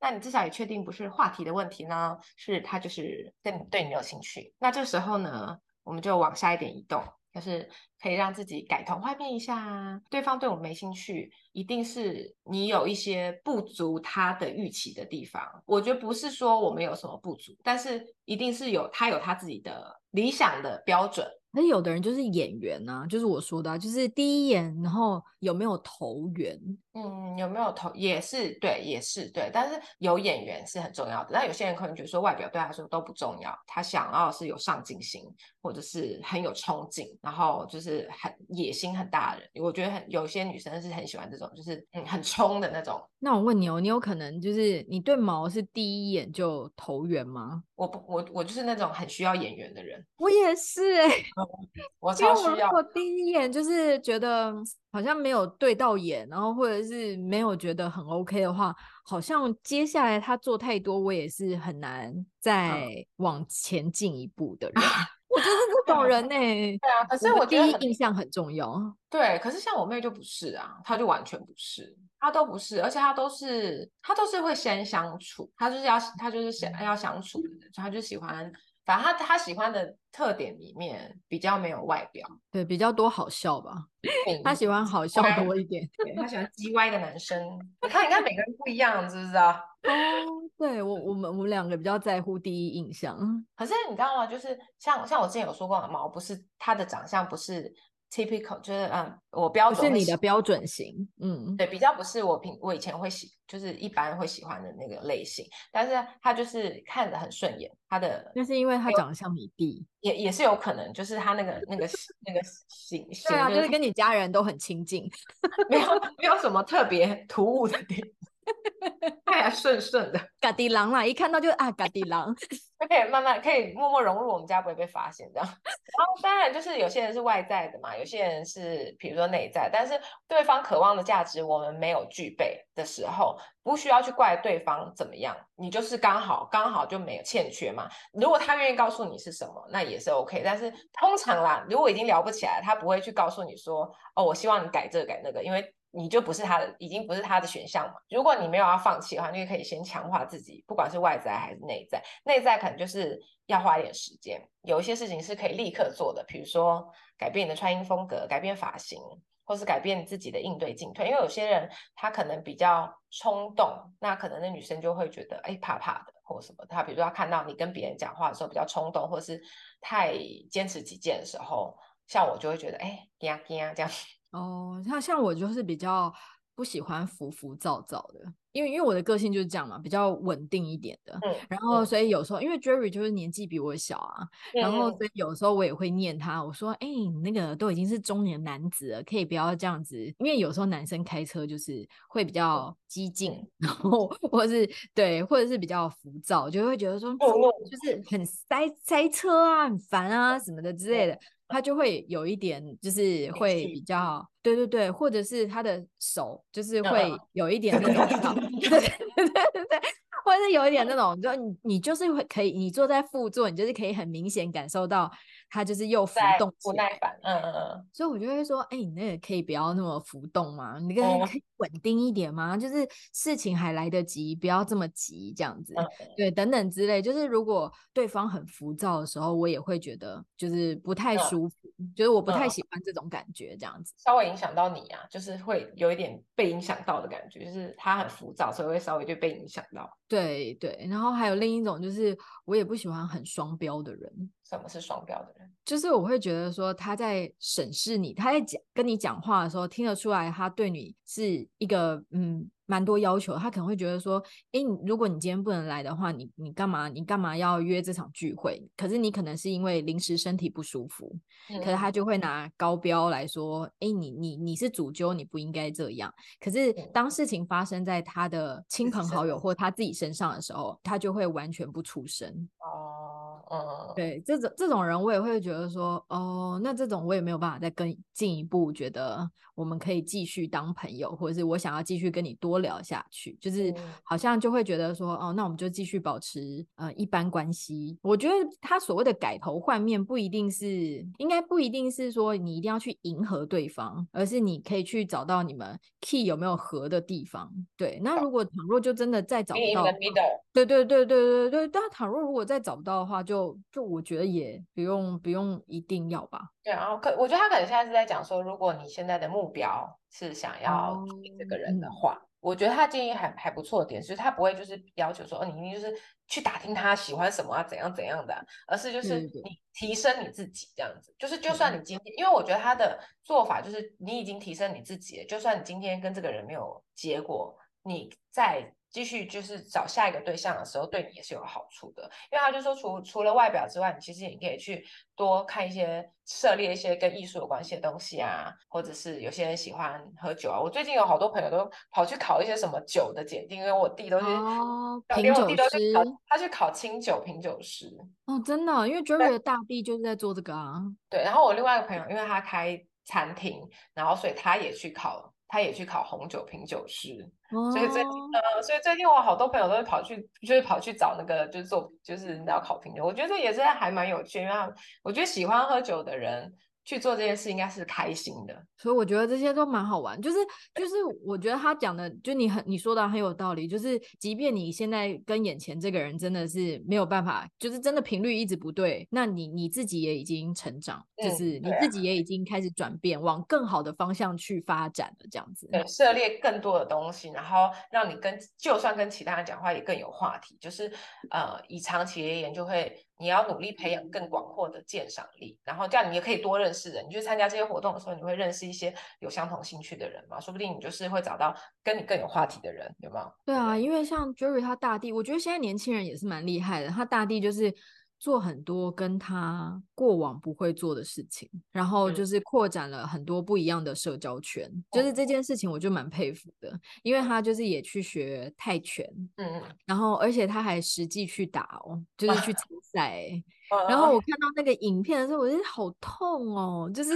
那你至少也確定不是話題的問題呢，是他就是對你對你沒有興趣。那這時候呢，我們就往下一點移動，就是可以讓自己改頭換面一下。對方對我沒興趣，一定是你有一些不足他的預期的地方。我覺得不是說我們有什麼不足，但是一定是有他有他自己的理想的標準。那有的人就是眼緣啊，就是我說的，啊，就是第一眼，然後有沒有投緣？嗯，有沒有投也是對，也是對，但是有眼緣是很重要的。但有些人可能覺得說外表對他來說都不重要，他想要的是有上進心。或者是很有憧憬，然後就是很野心很大的人，我覺得很有些女生是很喜歡這種，就是嗯，很衝的那種。那我問你哦，你有可能就是你對毛是第一眼就投緣嗎？我我我就是那種很需要眼緣的人，我也是哎、欸， 我超需要。我如果第一眼就是覺得好像沒有對到眼，然後或者是沒有覺得很 OK 的話，好像接下來他做太多，我也是很難再往前進一步的人。嗯 就是 不懂人呢、欸，對啊，可是我，我第一印象很重要。對，可是像我妹就不是啊，她就完全不是，她都不是，而且她都是，她都是會先相處，她就是要，她就是想要相處的人，她就喜歡，反正她她喜歡的特點裡面比較沒有外表，對，比較多好笑吧，嗯、她喜歡好笑多一點，點，Okay. 她喜歡雞歪的男生，你看，你看每個人不一樣，是不是啊？ 對我，我們我們兩個比較在乎第一印象。可是你知道嗎？就是像像我之前有說過的毛不是它的長相不是 typical，就是嗯，我標準的不是你的標準型，嗯，對，比較不是我平我以前會喜，就是一般會喜歡的那個類型。但是他就是看着很順眼，他的那是因為他長得像米蒂，也也是有可能，就是他那個那個 那個形象，對啊，就是跟你家人都很親近，沒有沒有什麼特別突兀的地方。 順順的，嘎迪狼啦，一看到就啊，嘎迪狼。就可以慢慢可以默默融入我們家，不會被發現這樣。然後當然就是有些人是外在的嘛，有些人是比如說內在的，但是對方渴望的價值我們沒有具備的時候，不需要去怪對方怎麼樣，你就是剛好剛好就沒有欠缺嘛。如果他願意告訴你是什麼，那也是 OK。但是通常啦，如果已經聊不起來，他不會去告訴你說，哦，我希望你改這個、改那個，因為。你就不是他的，已經不是他的選項了。如果你沒有要放棄的話，你就可以先強化自己，不管是外在還是內在。內在可能就是要花一點時間，有一些事情是可以立刻做的，比如說改變你的穿衣風格、改變髮型，或是改變自己的應對進退。因為有些人他可能比較衝動，那可能那女生就會覺得，哎，怕怕的，或什麼。她比如說她看到你跟別人講話的時候比較衝動，或是太堅持己見的時候，像我就會覺得，哎，這呀這樣。哦，那、oh, 像，像我就是比較不喜歡浮浮躁躁的，因為因為我的個性就是這樣嘛，比較穩定一點的。嗯、然後所以有時候因為 Jerry 就是年紀比我小啊，嗯、然後所以有時候我也會念他，我說：“哎、欸，你那個都已經是中年男子了，可以不要這樣子。”因為有時候男生開車就是會比較激進，嗯、然後或是對，或者是比較浮躁，就會覺得說，就是很塞塞車啊，很煩啊什麼的之類的。他就會有一點，就是會比較，對對對，或者是他的手就是會有一點那種，對對對。 或者是有一點那種，嗯、就你你就是會可以，你坐在副座，你就是可以很明顯感受到他就是又浮動不耐煩，嗯嗯，嗯。所以我就會說，哎、欸，你那個可以不要那麼浮動嗎？你那個可以穩定一點嗎？嗯、就是事情還來得及，不要這麼急，這樣子，嗯、對，等等之類。就是如果對方很浮躁的時候，我也會覺得就是不太舒服，就是、嗯、我不太喜歡這種感覺，這樣子，嗯嗯、稍微影響到你啊，就是會有一點被影響到的感覺，就是他很浮躁，所以會稍微就被影響到。對對，然後還有另一種就是，我也不喜歡很雙標的人。什麼是雙標的人？就是我會覺得說他在審視你，他在講跟你講話的時候聽得出來，他對你是一個嗯蠻多要求。他可能會覺得說，哎，如果你今天不能來的話，你你幹嘛？你幹嘛要約這場聚會？可是你可能是因為臨時身體不舒服，嗯、可是他就會拿高標來說，哎、嗯，你你你是主揪，你不應該這樣。可是當事情發生在他的親朋好友或他自己身上的時候，他就會完全不出聲。哦，哦、嗯，對。這種人我也會覺得說，哦，那這種我也沒有辦法再跟進一步，覺得我們可以繼續當朋友，或者是我想要繼續跟你多聊下去，就是好像就會覺得說，哦，那我們就繼續保持呃一般關係。我覺得他所謂的改頭換面不一定是，應該不一定是說你一定要去迎合對方，而是你可以去找到你們 key 有沒有合的地方。對，那如果倘若就真的再找不到，嗯、對對對對對對對，對，但倘若如果再找不到的話，就就我覺得。也不用不用一定要吧。對、啊，然後可我覺得他可能現在是在講說，如果你現在的目標是想要追這個人的話，嗯、我覺得他建議還還不錯點。點就是他不會就是要求說，哦，你一定就是去打聽他喜歡什麼啊，怎樣怎樣的、啊，而是就是你提升你自己這樣子。對對對就是就算你今天，因為我覺得他的做法就是你已經提升你自己了，就算你今天跟這個人沒有結果，你在。繼續就是找下一個對象的時候，對你也是有好處的，因為他就說除，除除了外表之外，你其實也可以去多看一些，涉獵一些跟藝術有關係的東西啊，或者是有些人喜歡喝酒啊。我最近有好多朋友都跑去考一些什麼酒的檢定，因為我弟都是哦，我弟都是他去考清酒品酒師哦，真的，因為 Joey 的大弟就是在做這個啊。對，然後我另外一個朋友，因為他開餐廳，然後所以他也去考。他也去考紅酒品酒師，哦，所以最近呃，所以最近我好多朋友都會跑去，就是跑去找那個，就是做，就是你要考品酒，我覺得也是還蠻有趣，因為我覺得喜歡喝酒的人。去做這件事應該是開心的，所以我覺得這些都蠻好玩。就是就是，我覺得他講的，就你很你說的很有道理。就是，即便你現在跟眼前這個人真的是沒有辦法，就是真的頻率一直不對，那你你自己也已經成長，就是你自己也已經開始轉變，嗯啊、往更好的方向去發展了。這樣子，對，涉獵更多的東西，然後讓你跟就算跟其他人講話也更有話題。就是呃，以長期而言，就會。你要努力培養更廣闊的鑒賞力，然後這樣你也可以多認識人。你去參加這些活動的時候，你會認識一些有相同興趣的人嘛，說不定你就是會找到跟你更有話題的人，有沒有？對啊，因為像 Jerry 他大弟，我覺得現在年輕人也是蠻厲害的。他大弟就是。做很多跟他過往不會做的事情，然後就是擴展了很多不一樣的社交圈，嗯、就是這件事情我就蠻佩服的，因為他就是也去學泰拳，嗯，然後而且他還實際去打哦，就是去參賽。嗯 然後我看到那個影片的時候，啊、我覺得好痛哦，就是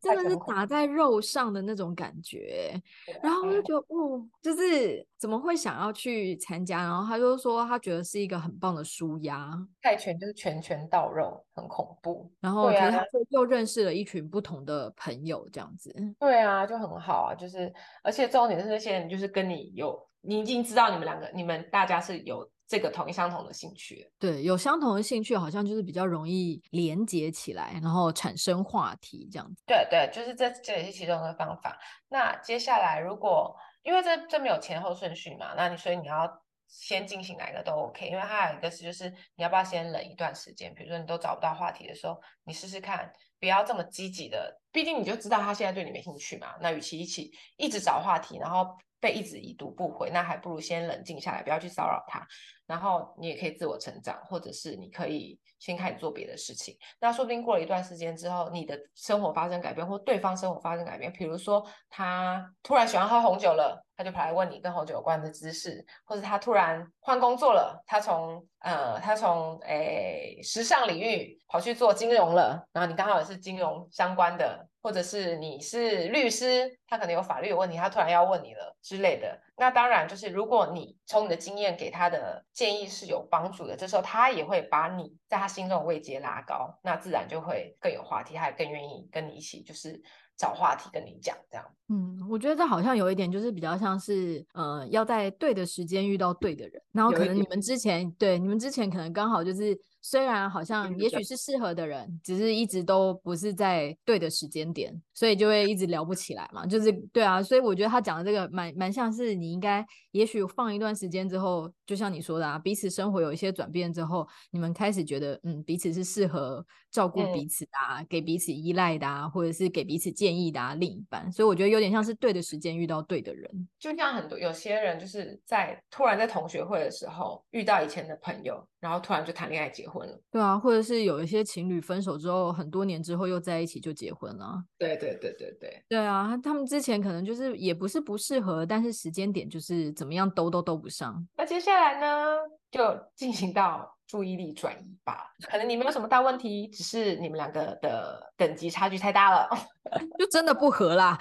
真的是打在肉上的那種感覺。嗯、然後我就覺得，哇、哦，就是怎麼會想要去參加？然後他就說，他覺得是一個很棒的舒壓，泰拳就是拳拳到肉，很恐怖。然後、啊、他又認識了一群不同的朋友，這樣子。對啊，就很好啊，就是而且重點是那些人就是跟你有，你已經知道你們兩個，你們大家是有。這個同一相同的興趣，對，有相同的興趣，好像就是比較容易連接起來，然後產生話題這樣子。對對，就是這這也是其中的方法。那接下來如果，因為這這沒有前後順序嘛，那你所以你要先進行哪一個都 OK。因為還有一個事，就是你要不要先冷一段時間？比如說你都找不到話題的時候，你試試看，不要這麼積極的，畢竟你就知道他現在對你沒興趣嘛。那與其一起一直找話題，然後。被一直已讀不回，那還不如先冷靜下來，不要去騷擾他。然後你也可以自我成長，或者是你可以先開始做別的事情。那說不定過了一段時間之後，你的生活發生改變，或對方生活發生改變。比如說他突然喜歡喝紅酒了，他就跑來問你跟紅酒有關的知識；或者他突然換工作了，他從呃他從誒時尚領域跑去做金融了，然後你剛好也是金融相關的。或者是你是律師，他可能有法律的問題，他突然要問你了之類的。那當然就是，如果你從你的經驗給他的建議是有幫助的，這時候他也會把你在他心中的位階拉高，那自然就會更有話題，他也更願意跟你一起就是找話題跟你講這樣。嗯，我覺得這好像有一點就是比較像是，呃，要在對的時間遇到對的人，然後可能你們之前，對，你們之前可能剛好就是。雖然好像也許是適合的人，嗯、只是一直都不是在對的時間點，所以就會一直聊不起來嘛。就是對啊，所以我覺得他講的這個蠻蠻像是，你應該也許放一段時間之後，就像你說的啊，彼此生活有一些轉變之後，你們開始覺得嗯，彼此是適合照顧彼此的、啊，嗯、給彼此依賴的啊，或者是給彼此建議的、啊、另一半。所以我覺得有點像是對的時間遇到對的人，就像很多有些人就是在突然在同學會的時候遇到以前的朋友。然後突然就談戀愛結婚了，對啊，或者是有一些情侶分手之後很多年之後又在一起就結婚了，對對對對對，對啊，他們之前可能就是也不是不適合，但是時間點就是怎麼樣兜都兜不上。那接下來呢，就進行到注意力轉移吧。可能你沒有什麼大問題， 只是你們兩個的等級差距太大了， 就真的不合啦。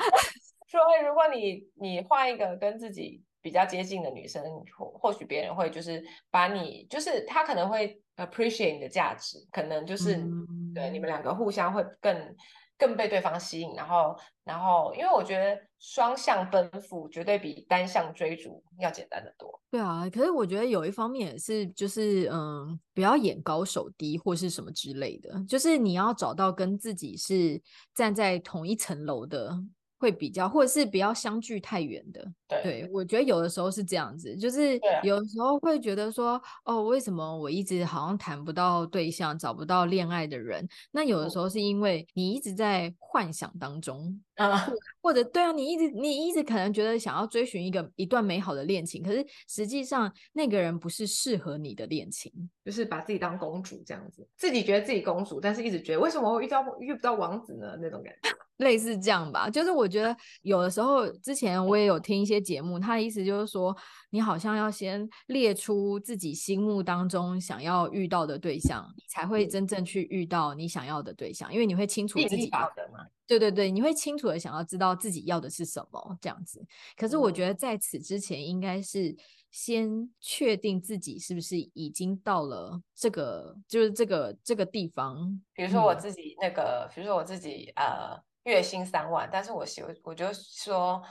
說 如果你你換一個跟自己。比較接近的女生，或或許別人會就是把你，就是他可能會 appreciate 你的價值，可能就是、嗯、對你們兩個互相會更更被對方吸引，然後然後，因為我覺得雙向奔赴絕對比單向追逐要簡單得多。對啊，可是我覺得有一方面也是就是嗯，不要眼高手低或是什麼之類的，就是你要找到跟自己是站在同一層樓的。會比較，或者是比較相距太遠的。對，對，我覺得有的時候是這樣子，就是有的時候會覺得說，啊、哦，為什麼我一直好像談不到對象，找不到戀愛的人？那有的時候是因為你一直在幻想當中。啊， 或者對啊，你一直你一直可能覺得想要追尋一個一段美好的戀情，可是實際上那個人不是適合你的戀情，就是把自己當公主這樣子，自己覺得自己公主，但是一直覺得為什麼我遇到遇不到王子呢？那種感覺 類似這樣吧。就是我覺得有的時候，之前我也有聽一些節目，嗯、他的意思就是說，你好像要先列出自己心目當中想要遇到的對象，你才會真正去遇到你想要的對象，嗯、因為你會清楚自己的。對對對，你會清楚的想要知道自己要的是什麼這樣子。可是我覺得在此之前，應該是先確定自己是不是已經到了這個，就是這個這個地方。比如說我自己那個，嗯、比如說我自己呃，月薪三萬，但是我希我就說。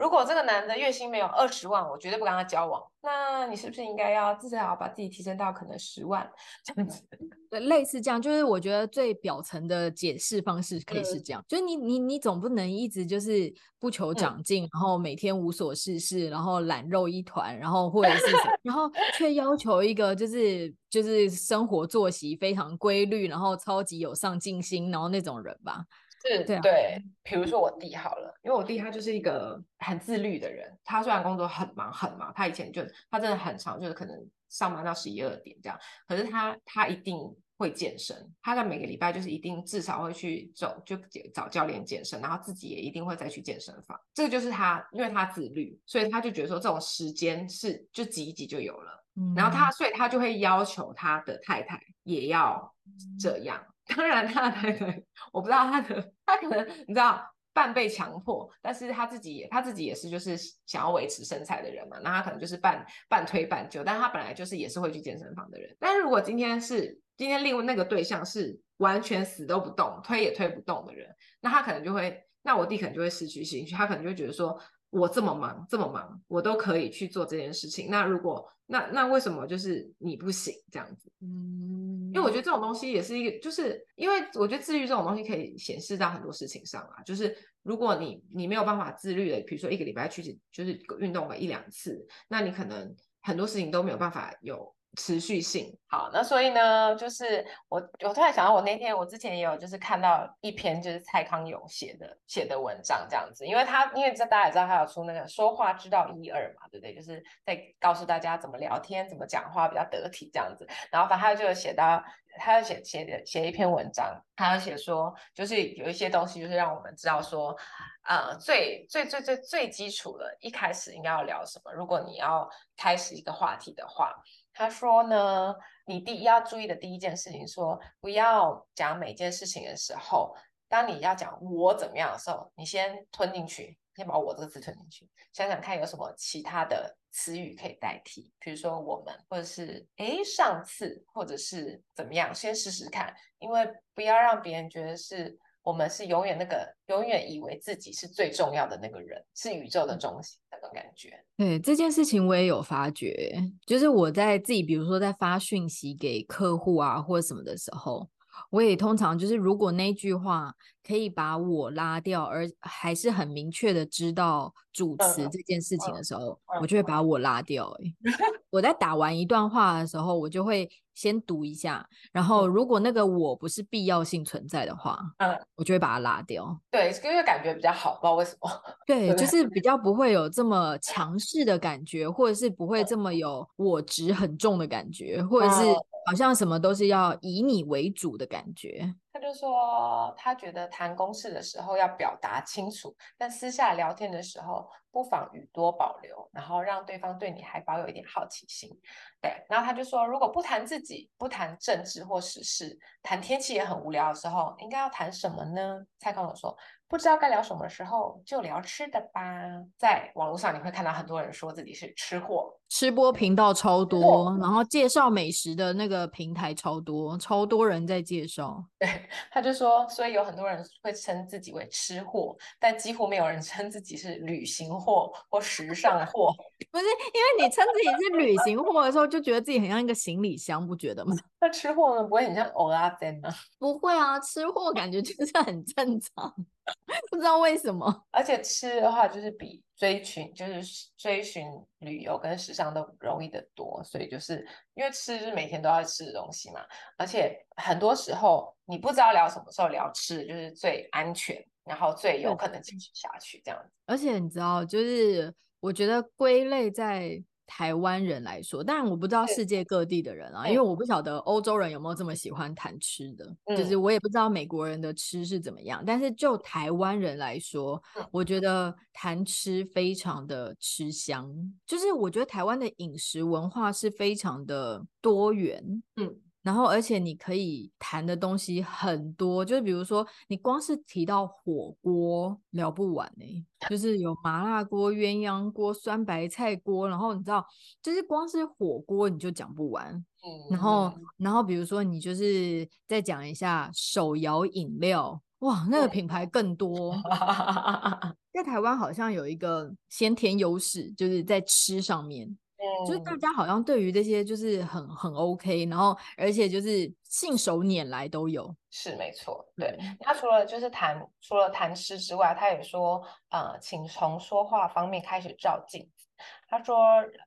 如果這個男的月薪沒有二十萬，我絕對不跟他交往。那你是不是應該要至少把自己提升到可能十萬這樣子？類似這樣，就是我覺得最表層的解釋方式可以是這樣。嗯、就是你你你總不能一直就是不求長進，嗯、然後每天無所事事，然後懶肉一團，然後或者是 然後卻要求一個就是就是生活作息非常規律，然後超級有上進心，然後那種人吧。是對，比如說我弟好了，因為我弟他就是一個很自律的人。他雖然工作很忙很忙，他以前就他真的很長，就是可能上班到十一二點這樣，可是他他一定會健身。他在每個禮拜就是一定至少會去走，就找教練健身，然後自己也一定會再去健身房。這個就是他，因為他自律，所以他就覺得說這種時間是就擠一擠就有了。嗯、然後他，所以他就會要求他的太太也要這樣。嗯當然他的太太，他可能我不知道，他的他可能你知道半被強迫，但是他自己也他自己也是就是想要維持身材的人嘛，那他可能就是半半推半就，但他本來就是也是會去健身房的人。但如果今天是今天利用那個對象是完全死都不動，推也推不動的人，那他可能就會，那我弟可能就會失去興趣，他可能就會覺得說。我這麼忙，這麼忙，我都可以去做這件事情。那如果那那為什麼就是你不行這樣子？嗯，因為我覺得這種東西也是一個，就是因為我覺得自律這種東西可以顯示到很多事情上啊。就是如果你你沒有辦法自律的，比如說一個禮拜去就是運動了一兩次，那你可能很多事情都沒有辦法有。持續性好，那所以呢，就是我我突然想到，我那天我之前也有就是看到一篇就是蔡康永寫的寫的文章這樣子，因為他因為這大家也知道，他有出那個說話知道一二嘛，對不對？就是在告訴大家怎麼聊天，怎麼講話比較得體這樣子。然後反正他就寫到，他要寫寫寫寫一篇文章，他要寫說，就是有一些東西就是讓我們知道說，啊、呃，最最最最最基礎的一開始應該要聊什麼？如果你要開始一個話題的話。他說呢，你第一要注意的第一件事情說，說不要講每件事情的時候，當你要講我怎麼樣的時候，你先吞進去，先把我這個詞吞進去，想想看有什麼其他的詞語可以代替，比如說我們，或者是哎上次，或者是怎麼樣，先試試看，因為不要讓別人覺得是。我們是永遠那個永遠以為自己是最重要的那個人，是宇宙的中心那個感覺。對，這件事情，我也有發覺，就是我在自己，比如說在發訊息給客戶啊或什麼的時候，我也通常就是如果那句話。可以把我拉掉，而還是很明確的知道主詞這件事情的時候，嗯嗯、我就會把我拉掉。 欸，我在打完一段話的時候，我就會先讀一下，然後如果那個我不是必要性存在的話，嗯，我就會把它拉掉。對，因為感覺比較好，不知道為什麼。對，對對就是比較不會有這麼強勢的感覺，或者是不會這麼有我執很重的感覺，或者是好像什麼都是要以你為主的感覺。他就說他覺得談公事的時候要表達清楚，但私下聊天的時候。不妨語多保留，然後讓對方對你還保有一點好奇心。對，然後他就說，如果不談自己，不談政治或時事，談天氣也很無聊的時候，應該要談什麼呢？蔡康永說，不知道該聊什麼的時候，就聊吃的吧。在網絡上你會看到很多人說自己是吃貨，吃播頻道超多，對然後介紹美食的那個平台超多，超多人在介紹。對，他就說，所以有很多人會稱自己為吃貨，但幾乎沒有人稱自己是旅行貨。貨或，或時尚貨， 不是因為你稱自己是旅行貨的時候， 就覺得自己很像一個行李箱，不覺得嗎？那吃貨呢？不會很像 other than 嗎？不會啊，吃貨感覺就是很正常， 不知道為什麼。而且吃的話，就是比追尋就是追尋旅遊跟時尚都容易得多，所以就是因為吃是每天都要吃的東西嘛，而且很多時候你不知道聊什麼時候聊吃，就是最安全。然後最有可能繼續下去，對這樣子，而且你知道，就是我覺得歸類在台灣人來說，但我不知道世界各地的人啊，對因為我不曉得歐洲人有沒有這麼喜歡談吃的，嗯、就是我也不知道美國人的吃是怎麼樣。但是就台灣人來說，嗯、我覺得談吃非常的吃香，就是我覺得台灣的飲食文化是非常的多元。嗯。然後，而且你可以談的東西很多，就是比如說，你光是提到火鍋聊不完呢，欸，就是有麻辣鍋、鴛鴦鍋、酸白菜鍋，然後你知道，就是光是火鍋你就講不完。嗯、然後，然後比如說，你就是再講一下手搖飲料，哇，那個品牌更多，嗯、 在台灣好像有一個先天優勢，就是在吃上面。就是大家好像對於這些就是很很 OK，然後而且就是信手拈來都有。是沒錯。對，嗯，他除了就是談除了談詩之外，他也說，呃，請從說話方面開始照鏡。他說：“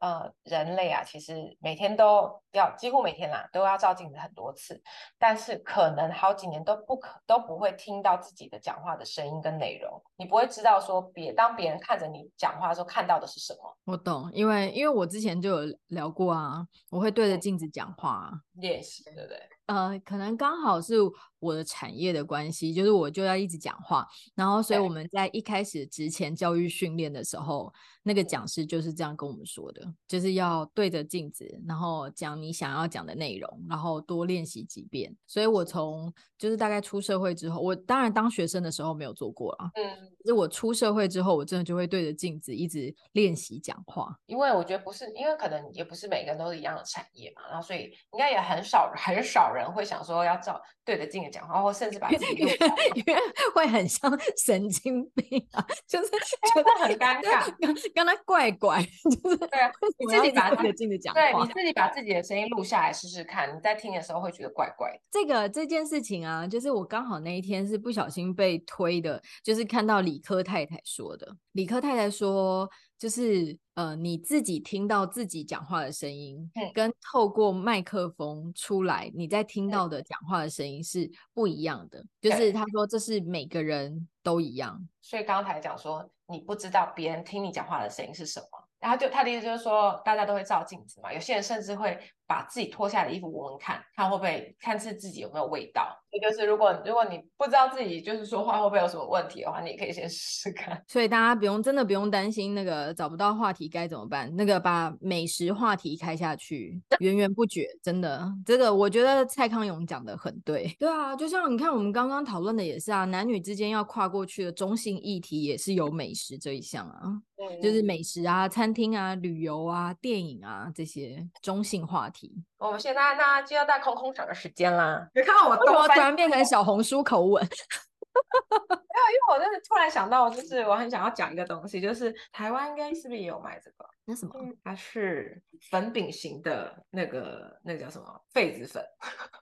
呃，人類啊，其實每天都要，幾乎每天啦，都要照鏡子很多次，但是可能好幾年都不可都不會聽到自己的講話的聲音跟內容，你不會知道說，別當別人看着你講話的時候看到的是什麼。”我懂，因為因為我之前就有聊過啊，我會對着鏡子講話、啊、練習，對不對？呃，可能剛好是我的產業的關係，就是我就要一直講話，然後所以我們在一開始職前教育訓練的時候，對那個講師就是這樣跟我們說的，就是要對着鏡子，然後講你想要講的內容，然後多練習幾遍。所以，我從就是大概出社會之後，我當然當學生的時候沒有做過啊，嗯，可是我出社會之後，我真的就會對着鏡子一直練習講話，因為我覺得不是，因為可能也不是每個人都是一樣的產業嘛，然後所以應該也很少很少人會想說要照對着鏡子。然後甚至把自己錄，因為會很像神經病啊， 就是覺得 很，很尷尬，剛剛怪怪，就是 對啊，你，的你自己把對着鏡子講話，對，你自己把自己的聲音錄下來試試看，你在聽的時候會覺得怪怪。這個這件事情啊，就是我剛好那一天是不小心被推的，就是看到理科太太說的，理科太太說。就是呃，你自己聽到自己講話的聲音，嗯、跟透過麥克風出來，你在聽到的講話的聲音是不一樣的。嗯、就是他說這是每個人都一樣，所以剛才講說你不知道別人聽你講話的聲音是什麼，然後就他的意思就是說大家都會照鏡子嘛，有些人甚至會。把自己脫下的衣服聞聞，看看會不會，看是自己有沒有味道。也就是如果如果你不知道自己就是說話會不會有什麼問題的話，你也可以先試試看。所以大家不用，真的不用擔心那個找不到話題該怎麼辦。那個把美食話題開下去，源源不絕，真的。這個我覺得蔡康永講的很對。對啊，就像你看我們剛剛討論的也是啊，男女之間要跨過去的中性議題也是有美食這一項啊，嗯、就是美食啊、餐廳啊、旅遊啊、電影啊這些中性話題。我們、哦、現在那就要在空空找個時間啦。別看到我突然變成小紅書口吻， 沒有，因為我就是突然想到，就是我很想要講一個東西，就是台灣應該是不是也有賣這個？那什麼？嗯、它是粉餅型的，那個那個叫什麼痱子粉？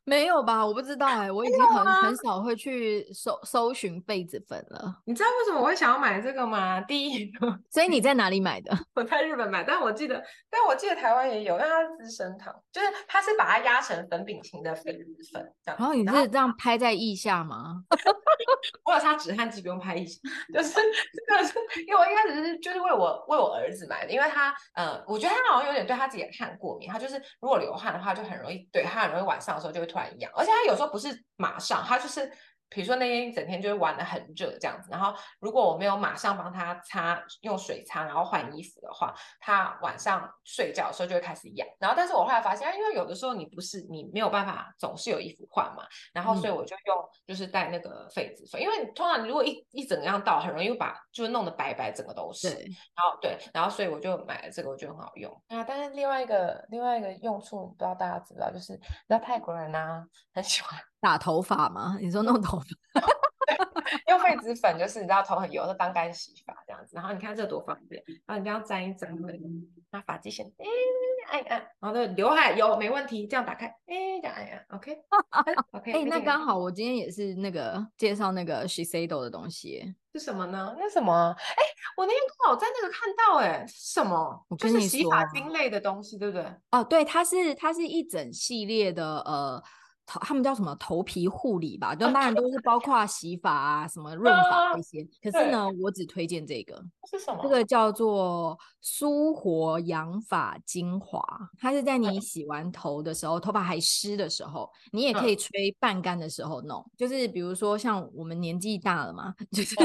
沒有吧？我不知道哎、欸，我已經很很少會去搜搜尋痱子粉了。你知道為什麼我會想要買這個嗎？第一，所以你在哪裡買的？我在日本買，但我記得，但我記得台灣也有，那它資生堂就是它是把它壓成粉餅型的痱子粉然後、嗯樣哦、你是這樣拍在腋下嗎？我有擦止汗劑，其實不用拍腋下。就是這個是， 因為我一開始是就是為我為我兒子買的，因為他。呃、嗯，我覺得他好像有點對他自己的汗過敏。他就是如果流汗的話，就很容易，對，他很容易晚上的時候就會突然癢，而且他有時候不是馬上，他就是。比如說那天一整天就是玩的很熱這樣子，然後如果我沒有馬上幫他擦，用水擦，然後換衣服的話，他晚上睡覺的時候就會開始癢。然後但是我後來發現、啊、因為有的時候你不是你沒有辦法總是有衣服換嘛，然後所以我就用就是帶那個痱子粉，嗯、因為通常你如果一一整樣倒，很容易把就是弄得白白整個都是。嗯、然後對，然後所以我就買了這個，我覺得很好用。啊，但是另外一個另外一個用處，不知道大家知不知道，就是那泰國人啊很喜歡。打頭髮嗎？你說弄頭髮， 用痱子粉就是，你知道頭很油， 就當乾洗髮這樣子。然後你看這多方便，然後你這樣沾一沾那，那髮際線，哎哎哎，然、欸、後、欸、的劉海有沒問題？這樣打開，哎、欸，這樣哎呀，OK，OK。哎、欸欸，那剛好我今天也是那個介紹那個 Shiseido 的東西，是什麼呢？那什麼？哎、欸，我那天剛好在那個看到、欸，哎，是什麼？就、啊、是洗髮精類的東西，對不對？哦，對，它是它是一整系列的，呃。他們叫什麼頭皮護理吧？就當然都是包括洗髮啊，什麼潤髮那些。可是呢，我只推薦這個。是什麼？這個叫做舒活養髮精華，它是在你洗完頭的時候，頭髮還濕的時候，你也可以吹半乾的時候弄。就是比如說像我們年紀大了嘛，就是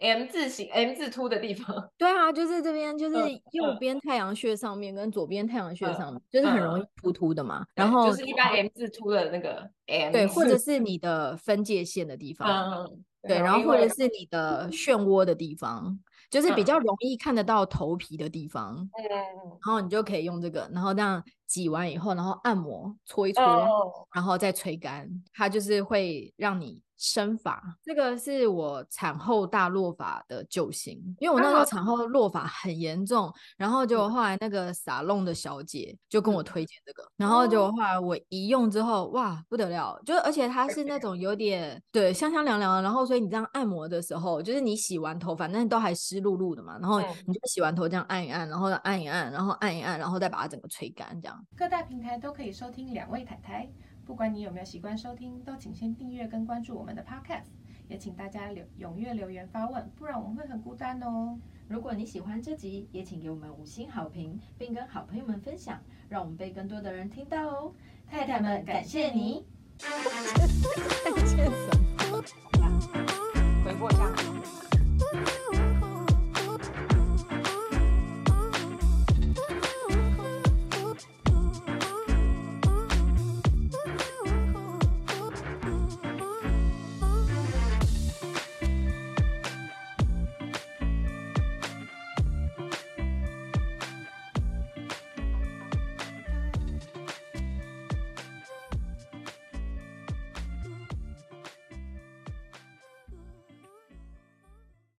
M 字型、M 字禿的地方。對啊，就是這邊，就是右邊太陽穴上面跟左邊太陽穴上面，就是很容易禿禿的嘛。然後就是一般 M 字禿的那個。 對，或者是你的分界線的地方，um, 對，然後或者是你的漩渦的地方。就是比較容易看得到頭皮的地方，嗯，然後你就可以用這個，然後這樣擠完以後，然後按摩搓一搓，哦，然後再吹乾，它就是會讓你生髮。這個是我產後大落髮的救星，因為我那時候產後落髮很嚴重，然後就後來那個沙龍的小姐就跟我推薦這個，然後就後來我一用之後，哇，不得了！就而且它是那種有點，對，香香涼涼的，然後所以你這樣按摩的時候，就是你洗完頭反正都還濕。露露的嘛，然後你就洗完頭這樣按一按，然後按一按，然後按一按，然後再把它整個吹乾，這樣。各大平台都可以收聽兩位太太，不管你有沒有習慣收聽，都請先訂閱跟關注我們的 podcast，也請大家留踴躍留言發問，不然我們會很孤單哦。如果你喜歡這集，也請給我們五星好評，並跟好朋友們分享，讓我們被更多的人聽到哦。太太們，感謝你。感謝什麼？回過